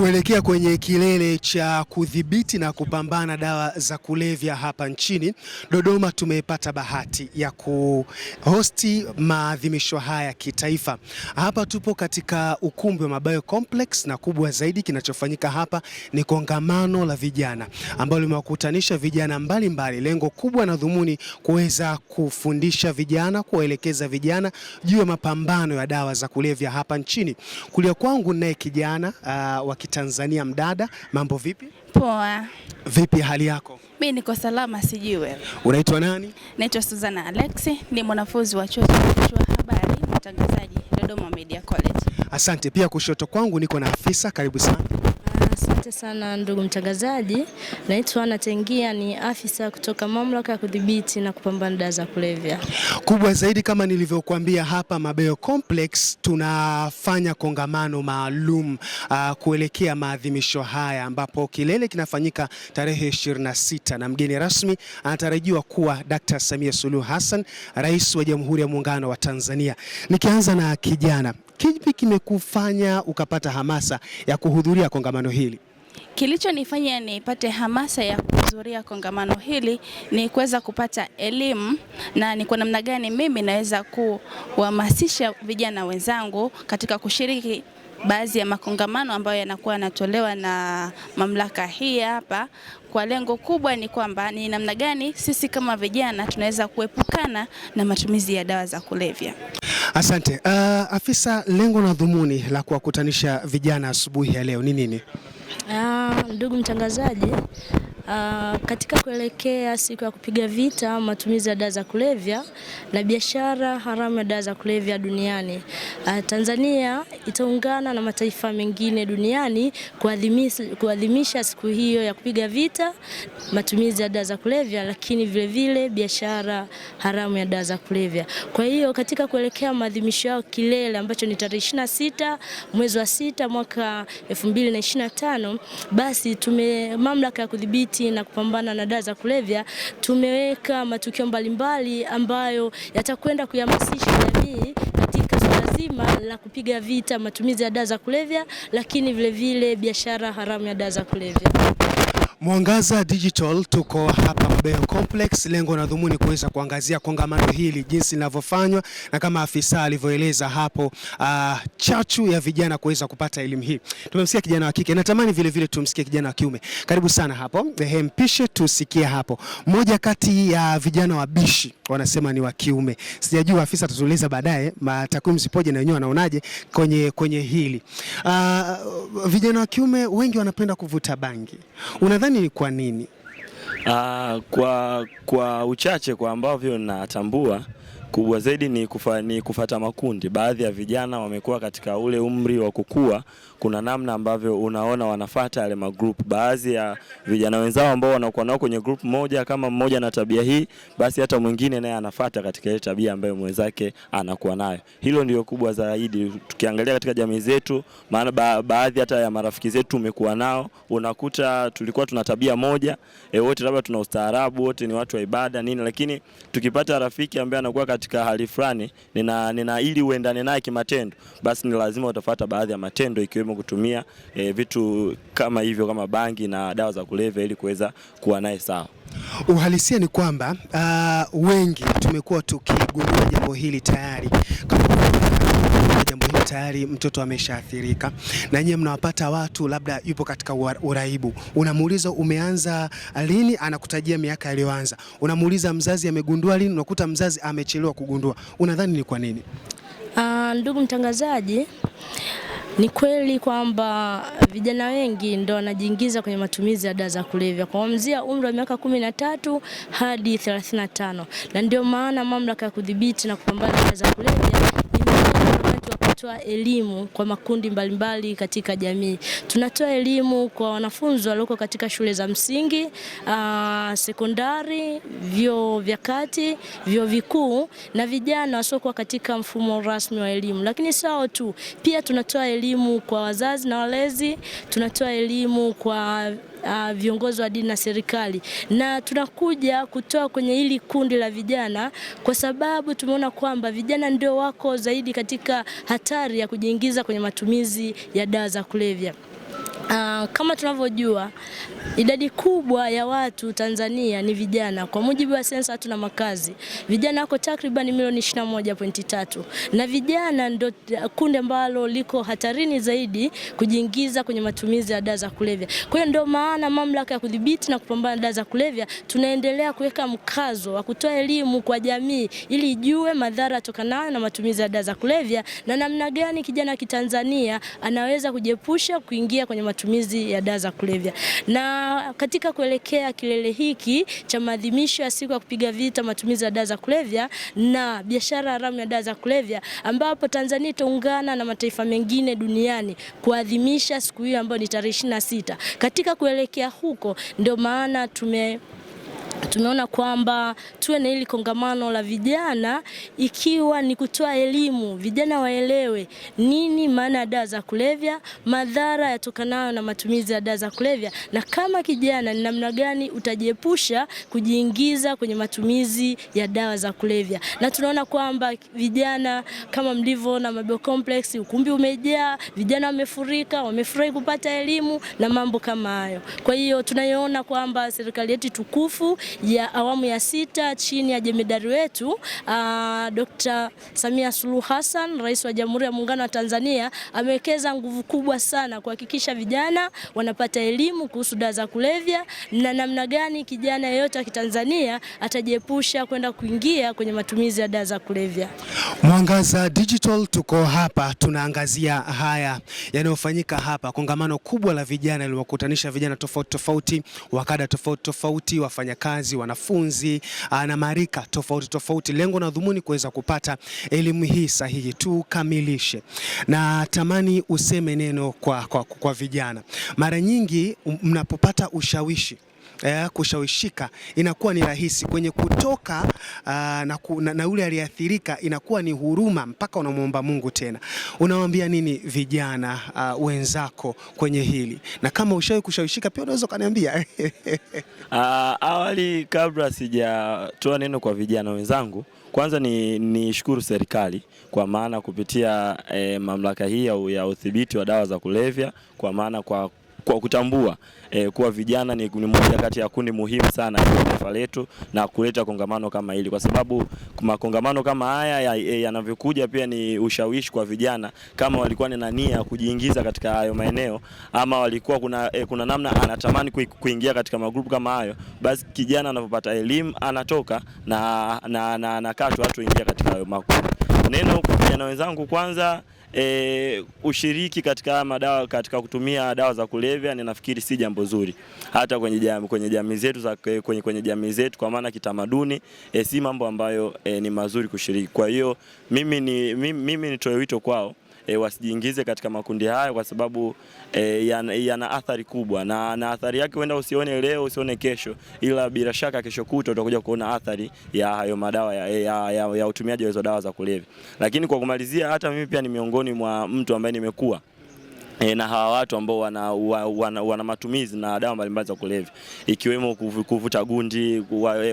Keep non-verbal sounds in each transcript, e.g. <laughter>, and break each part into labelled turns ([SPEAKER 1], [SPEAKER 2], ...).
[SPEAKER 1] Kuelekea kwenye kilele cha kudhibiti na kupambana dawa za kulevya hapa nchini, Dodoma tumepata bahati ya kuhosti maadhimisho haya kitaifa. Hapa tupo katika ukumbi wa Mabayo Complex, na kubwa zaidi kinachofanyika hapa ni kongamano la vijana ambalo limewakutanisha vijana mbalimbali mbali. Lengo kubwa na dhumuni kuweza kufundisha vijana, kuwaelekeza vijana juu ya mapambano ya dawa za kulevya hapa nchini. Kulia kwangu naye kijana uh, Tanzania Mdada, mambo vipi? Poa. Vipi hali yako?
[SPEAKER 2] Mimi niko salama, sijui wewe.
[SPEAKER 1] Unaitwa nani?
[SPEAKER 2] Naitwa Suzana Alexi, ni mwanafunzi wa chuo cha habari na utangazaji Dodoma Media College.
[SPEAKER 1] Asante. Pia kushoto kwangu niko na afisa, karibu sana.
[SPEAKER 3] Asante sana ndugu mtangazaji, naitwa Ana Tengia, ni afisa kutoka mamlaka ya kudhibiti na kupambana dawa za kulevya.
[SPEAKER 1] Kubwa zaidi, kama nilivyokuambia hapa Mabeyo Complex tunafanya kongamano maalum uh, kuelekea maadhimisho haya ambapo kilele kinafanyika tarehe 26 na mgeni rasmi anatarajiwa kuwa Dr. Samia Suluhu Hassan, Rais wa Jamhuri ya Muungano wa Tanzania. Nikianza na kijana, kipi kimekufanya ukapata hamasa ya kuhudhuria kongamano hili?
[SPEAKER 2] Kilichonifanya nipate hamasa ya kuhudhuria kongamano hili ni kuweza kupata elimu na ni kwa namna gani mimi naweza kuhamasisha vijana wenzangu katika kushiriki baadhi ya makongamano ambayo yanakuwa yanatolewa na mamlaka hii hapa, kwa lengo kubwa ni kwamba ni namna gani sisi kama vijana tunaweza kuepukana na matumizi ya dawa za kulevya.
[SPEAKER 1] Asante. Uh, afisa, lengo na dhumuni la kuwakutanisha vijana asubuhi ya leo ni nini?
[SPEAKER 3] Ndugu mtangazaji Uh, katika kuelekea siku ya kupiga vita matumizi ya dawa za kulevya na biashara haramu ya dawa za kulevya duniani, uh, Tanzania itaungana na mataifa mengine duniani kuadhimisha siku hiyo ya kupiga vita matumizi ya dawa za kulevya, lakini vilevile biashara haramu ya dawa za kulevya. Kwa hiyo katika kuelekea maadhimisho yao kilele ambacho ni tarehe 26 mwezi wa sita mwaka 2025, basi tume mamlaka ya kudhibiti ukarabati na kupambana na dawa za kulevya, tumeweka matukio mbalimbali ambayo yatakwenda kuihamasisha jamii katika suala zima la kupiga vita matumizi ya dawa za kulevya, lakini vilevile biashara haramu ya dawa za kulevya.
[SPEAKER 1] Mwangaza Digital tuko hapa Mabeyo Complex, lengo na dhumuni kuweza kuangazia kongamano hili jinsi linavyofanywa, na kama afisa alivyoeleza hapo, uh, chachu ya vijana kuweza kupata elimu hii. Tumemsikia kijana wa kike, natamani vile vile tumsikie kijana wa kiume. Karibu sana hapo, ehe, mpishe tusikie hapo. Mmoja kati ya vijana wabishi wanasema ni wa kiume, sijajua afisa atatueleza baadaye takwimu zipoje na wenyewe wanaonaje kwenye, kwenye hili. Uh, vijana wa kiume wengi wanapenda kuvuta bangi. Unadhani unadhani kwa nini?
[SPEAKER 4] Uh, kwa, kwa uchache kwa ambavyo natambua kubwa zaidi ni, kufa, ni kufata makundi. Baadhi ya vijana wamekuwa katika ule umri wa kukua, kuna namna ambavyo unaona wanafata yale magroup. Baadhi ya vijana wenzao ambao wanakuwa nao kwenye group moja, kama mmoja na tabia hii, basi hata mwingine naye anafata katika ile tabia ambayo mwenzake anakuwa nayo. Hilo ndio kubwa zaidi tukiangalia katika jamii zetu, maana ba, baadhi hata ya marafiki zetu tumekuwa nao, unakuta tulikuwa tuna tabia moja e, wote labda tuna ustaarabu, wote ni watu wa ibada nini, lakini tukipata rafiki ambaye anakuwa anakuwa katika hali fulani, nina, nina ili uendane naye kimatendo, basi ni lazima utafuata baadhi ya matendo ikiwemo kutumia e, vitu kama hivyo kama bangi na dawa za kulevya ili kuweza kuwa naye sawa.
[SPEAKER 1] Uhalisia ni kwamba uh, wengi tumekuwa tukigundua jambo hili tayari kama tayari mtoto ameshaathirika, na nyie mnawapata watu labda yupo katika uraibu, unamuuliza umeanza lini, anakutajia miaka aliyoanza. Unamuuliza mzazi amegundua lini, unakuta mzazi amechelewa kugundua. Unadhani ni kwa nini?
[SPEAKER 3] Uh, ndugu mtangazaji, ni kweli kwamba vijana wengi ndo wanajiingiza kwenye matumizi ya dawa za kulevya kuanzia umri wa miaka kumi na tatu hadi 35 na tano na ndio maana mamlaka ya kudhibiti na kupambana na dawa za kulevya tunatoa elimu kwa makundi mbalimbali katika jamii. Tunatoa elimu kwa wanafunzi walioko katika shule za msingi, uh, sekondari, vyuo vya kati, vyuo vikuu na vijana wasiokuwa katika mfumo rasmi wa elimu. Lakini sao tu pia tunatoa elimu kwa wazazi na walezi, tunatoa elimu kwa uh, viongozi wa dini na serikali, na tunakuja kutoa kwenye hili kundi la vijana, kwa sababu tumeona kwamba vijana ndio wako zaidi katika hatari ya kujiingiza kwenye matumizi ya dawa za kulevya. Uh, kama tunavyojua idadi kubwa ya watu Tanzania ni vijana. Kwa mujibu wa sensa watu na makazi, vijana wako takriban milioni 21.3, na vijana ndo kundi ambalo liko hatarini zaidi kujiingiza kwenye matumizi ya dawa za kulevya. Kwa hiyo ndio maana mamlaka ya kudhibiti na kupambana na dawa za kulevya tunaendelea kuweka mkazo wa kutoa elimu kwa jamii ili ijue madhara yatokanayo na matumizi ya dawa za kulevya na namna gani kijana wa Kitanzania anaweza kujepusha kuingia kwenye matumizi ya dawa za kulevya. Na katika kuelekea kilele hiki cha maadhimisho ya siku ya kupiga vita matumizi ya dawa za kulevya na biashara haramu ya dawa za kulevya, ambapo Tanzania itaungana na mataifa mengine duniani kuadhimisha siku hiyo ambayo ni tarehe 26. Katika kuelekea huko ndio maana tume Tumeona kwamba tuwe na hili kongamano la vijana, ikiwa ni kutoa elimu, vijana waelewe nini maana ya dawa za kulevya, madhara yatokanayo na matumizi ya dawa za kulevya, na kama kijana ni namna gani utajiepusha kujiingiza kwenye matumizi ya dawa za kulevya. Na tunaona kwamba vijana kama mlivyoona Mabel Complex, ukumbi umejaa vijana, wamefurika, wamefurahi kupata elimu na mambo kama hayo. Kwa hiyo tunayoona kwamba serikali yetu tukufu ya awamu ya sita chini ya jemedari wetu uh, ah, Dr. Samia Suluhu Hassan, Rais wa Jamhuri ya Muungano wa Tanzania, amewekeza nguvu kubwa sana kuhakikisha vijana wanapata elimu kuhusu dawa za kulevya na namna gani kijana yeyote wa Kitanzania atajiepusha kwenda kuingia kwenye matumizi ya dawa za kulevya.
[SPEAKER 1] Mwangaza Digital tuko hapa tunaangazia haya yanayofanyika hapa, kongamano kubwa la vijana liliwakutanisha vijana tofauti tofauti, wakada tofauti tofauti, wafanyakazi wanafunzi, wanafunzi ah, na marika tofauti tofauti, lengo na dhumuni kuweza kupata elimu hii sahihi. Tukamilishe na tamani useme neno kwa, kwa, kwa vijana. Mara nyingi mnapopata ushawishi eh, kushawishika inakuwa ni rahisi kwenye kutoka uh, na, ku, na, na yule aliyeathirika inakuwa ni huruma mpaka unamwomba Mungu tena. Unawaambia nini vijana uh, wenzako kwenye hili, na kama ushawahi kushawishika pia unaweza ukaniambia. Uh,
[SPEAKER 4] <laughs> awali kabla sijatoa neno kwa vijana wenzangu kwanza ni, ni shukuru serikali kwa maana kupitia eh, mamlaka hii ya udhibiti wa dawa za kulevya kwa maana kwa kwa kutambua eh, kuwa vijana ni moja kati ya kundi muhimu sana kwa taifa letu na kuleta kongamano kama hili, kwa sababu makongamano kama haya eh, yanavyokuja ya, ya pia ni ushawishi kwa vijana, kama walikuwa na nia ya kujiingiza katika hayo maeneo ama walikuwa kuna, eh, kuna namna anatamani kuingia katika magrupu kama hayo, basi kijana anapopata elimu anatoka na na, na, na, na, na, na, katika hayo makundi. Neno kwa vijana wenzangu kwanza e, ushiriki katika madawa, katika kutumia dawa za kulevya ninafikiri si jambo zuri hata kwenye jamii, kwenye jamii zetu za e, kwenye, kwenye jamii zetu kwa maana kitamaduni e, si mambo ambayo e, ni mazuri kushiriki. Kwa hiyo mimi ni mimi, mimi nitoe wito kwao e, wasijiingize katika makundi haya kwa sababu e, yana, yana athari kubwa, na, na athari yake huenda usione leo usione kesho, ila bila shaka kesho kutwa utakuja kuona athari ya hayo madawa ya, ya, ya, ya utumiaji wa hizo dawa za kulevya. Lakini kwa kumalizia, hata mimi pia ni miongoni mwa mtu ambaye nimekuwa E, na hawa watu ambao wana, wana, wana, wana matumizi na dawa mbalimbali za kulevya ikiwemo kuvuta gundi,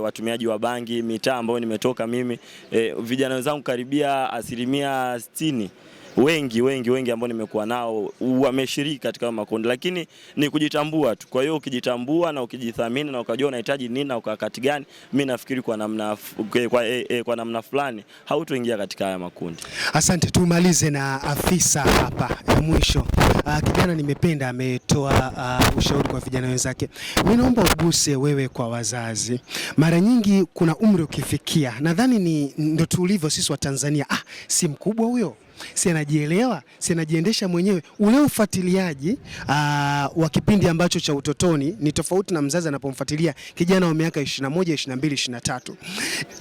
[SPEAKER 4] watumiaji wa bangi. Mitaa ambayo nimetoka mimi, e, vijana wenzangu karibia asilimia sitini wengi wengi wengi ambao nimekuwa nao wameshiriki katika makundi, lakini ni kujitambua tu. Kwa hiyo ukijitambua na ukijithamini na ukajua unahitaji nini na ukakati gani, mi nafikiri kwa namna, kwa, e, e, kwa namna fulani hautoingia katika haya makundi.
[SPEAKER 1] Asante, tumalize na afisa hapa ya mwisho. Uh, kijana nimependa ametoa uh, ushauri kwa vijana wenzake. Mimi naomba uguse wewe kwa wazazi, mara nyingi kuna umri ukifikia, nadhani ni ndo tulivyo sisi wa Tanzania. Ah, si mkubwa huyo si anajielewa, si anajiendesha mwenyewe. Ule ufuatiliaji ah, wa kipindi ambacho cha utotoni ni tofauti na mzazi anapomfuatilia kijana wa miaka 21, 22, 23.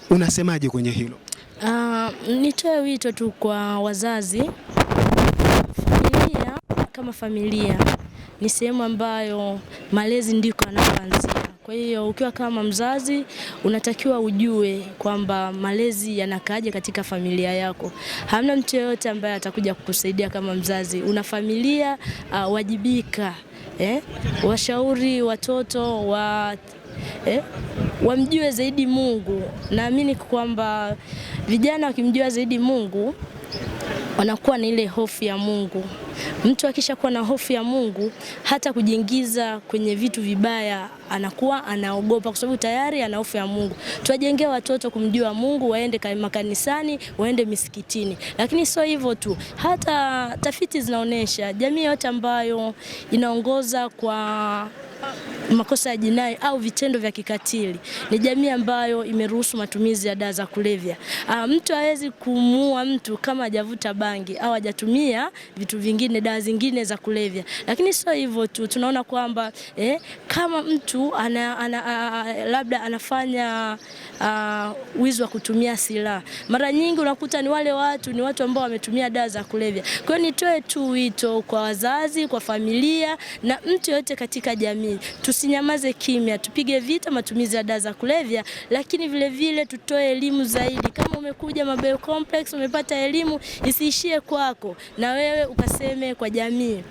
[SPEAKER 1] Unasemaje kwenye hilo?
[SPEAKER 3] Uh, nitoe wito tu kwa wazazi, familia kama familia ni sehemu ambayo malezi ndiko anapoanzia kwa hiyo ukiwa kama mzazi unatakiwa ujue kwamba malezi yanakaaje katika familia yako. Hamna mtu yoyote ambaye atakuja kukusaidia kama mzazi. Una familia, uh, wajibika eh? Washauri watoto wa eh? wamjue zaidi Mungu. Naamini kwamba vijana wakimjua zaidi Mungu wanakuwa na ile hofu ya Mungu. Mtu akishakuwa na hofu ya Mungu, hata kujiingiza kwenye vitu vibaya anakuwa anaogopa, kwa sababu tayari ana hofu ya Mungu. Tuwajengee watoto kumjua Mungu, waende makanisani, waende misikitini. Lakini sio hivyo tu, hata tafiti zinaonyesha jamii yote ambayo inaongoza kwa makosa ya jinai au vitendo vya kikatili. Ni jamii ambayo imeruhusu matumizi ya dawa za kulevya. Uh, mtu hawezi kumuua mtu kama hajavuta bangi au hajatumia vitu vingine, dawa zingine za kulevya. Lakini sio hivyo tu, tunaona kwamba eh, kama mtu ana, ana, a, labda anafanya uh, wizi wa kutumia silaha, mara nyingi unakuta ni wale watu ni watu ambao wametumia dawa za kulevya. Kwa hiyo nitoe tu wito kwa wazazi, kwa familia na mtu yoyote katika jamii tu tusinyamaze kimya, tupige vita matumizi ya dawa za kulevya, lakini vilevile vile tutoe elimu zaidi. Kama umekuja Mabeyo Complex umepata elimu, isiishie kwako, na wewe ukaseme kwa jamii.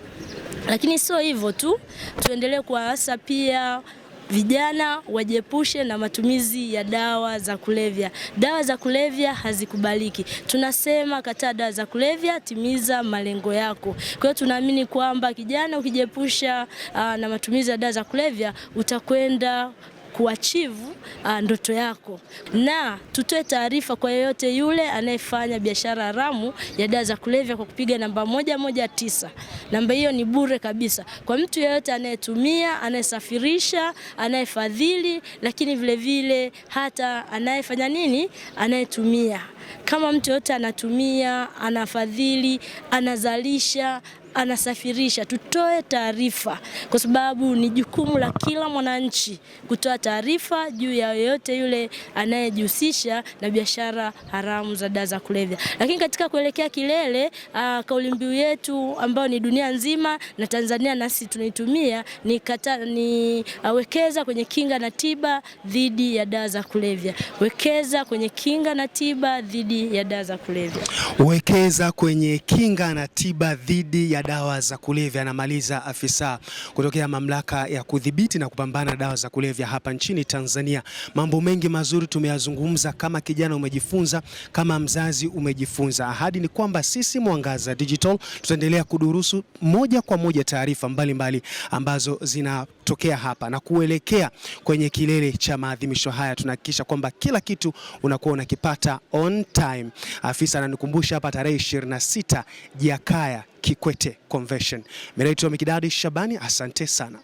[SPEAKER 3] Lakini sio hivyo tu, tuendelee kuwaasa pia vijana wajiepushe na matumizi ya dawa za kulevya. Dawa za kulevya hazikubaliki. Tunasema kataa dawa za kulevya, timiza malengo yako. Kwa hiyo tunaamini kwamba kijana ukijiepusha ah, na matumizi ya dawa za kulevya utakwenda kuachivu uh, ndoto yako, na tutoe taarifa kwa yeyote yule anayefanya biashara haramu ya dawa za kulevya kwa kupiga namba moja moja tisa. Namba hiyo ni bure kabisa kwa mtu yeyote anayetumia, anayesafirisha, anayefadhili, lakini vilevile vile hata anayefanya nini, anayetumia kama mtu yote anatumia, anafadhili, anazalisha, anasafirisha, tutoe taarifa, kwa sababu ni jukumu la kila mwananchi kutoa taarifa juu ya yoyote yule anayejihusisha na biashara haramu za dawa za kulevya. Lakini katika kuelekea kilele, ah, kauli mbiu yetu ambayo ni dunia nzima na Tanzania nasi tunaitumia ni kata, ni ah, wekeza kwenye kinga na tiba dhidi ya dawa za kulevya, wekeza kwenye kinga na tiba dhidi ya dawa za kulevya.
[SPEAKER 1] Wekeza kwenye kinga na tiba dhidi ya dawa za kulevya, anamaliza afisa kutokea mamlaka ya kudhibiti na kupambana na dawa za kulevya hapa nchini Tanzania. Mambo mengi mazuri tumeyazungumza, kama kijana umejifunza, kama mzazi umejifunza. Ahadi ni kwamba sisi Mwangaza Digital tutaendelea kudurusu moja kwa moja taarifa mbalimbali ambazo zina kutokea hapa na kuelekea kwenye kilele cha maadhimisho haya, tunahakikisha kwamba kila kitu unakuwa unakipata on time. Afisa ananikumbusha hapa tarehe 26 Jakaya Kikwete Convention. Mimi naitwa Mikidadi Shabani, asante sana.